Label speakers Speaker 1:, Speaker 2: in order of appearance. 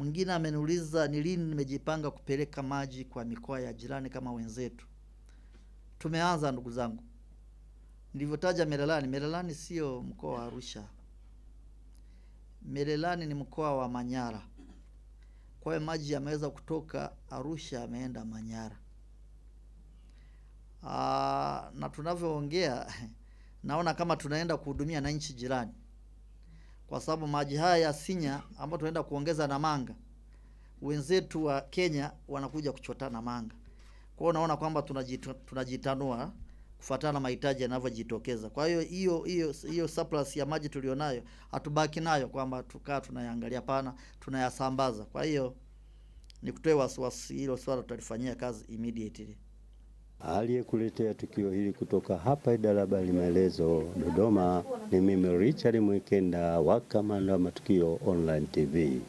Speaker 1: Mwingine ameniuliza ni lini nimejipanga kupeleka maji kwa mikoa ya jirani kama wenzetu. Tumeanza ndugu zangu, nilivyotaja Merelani. Merelani sio mkoa wa Arusha, Merelani ni mkoa wa Manyara. Kwa hiyo maji yameweza kutoka Arusha yameenda Manyara. Aa, na tunavyoongea naona kama tunaenda kuhudumia na nchi jirani kwa sababu maji haya ya Sinya ambayo tunaenda kuongeza Namanga, wenzetu wa Kenya wanakuja kuchota Namanga. Kwa hiyo unaona kwamba tunajitanua kufuatana na mahitaji yanavyojitokeza. Kwa hiyo hiyo hiyo hiyo surplus ya maji tulionayo hatubaki nayo kwamba tukaa tunayaangalia, pana, tunayasambaza. Kwa hiyo ni kutoe wasiwasi, hilo swala tutalifanyia kazi immediately.
Speaker 2: Aliyekuletea tukio hili kutoka hapa idara habari maelezo Dodoma ni mimi Richard mwekenda wa Kamanda wa Matukio Online TV.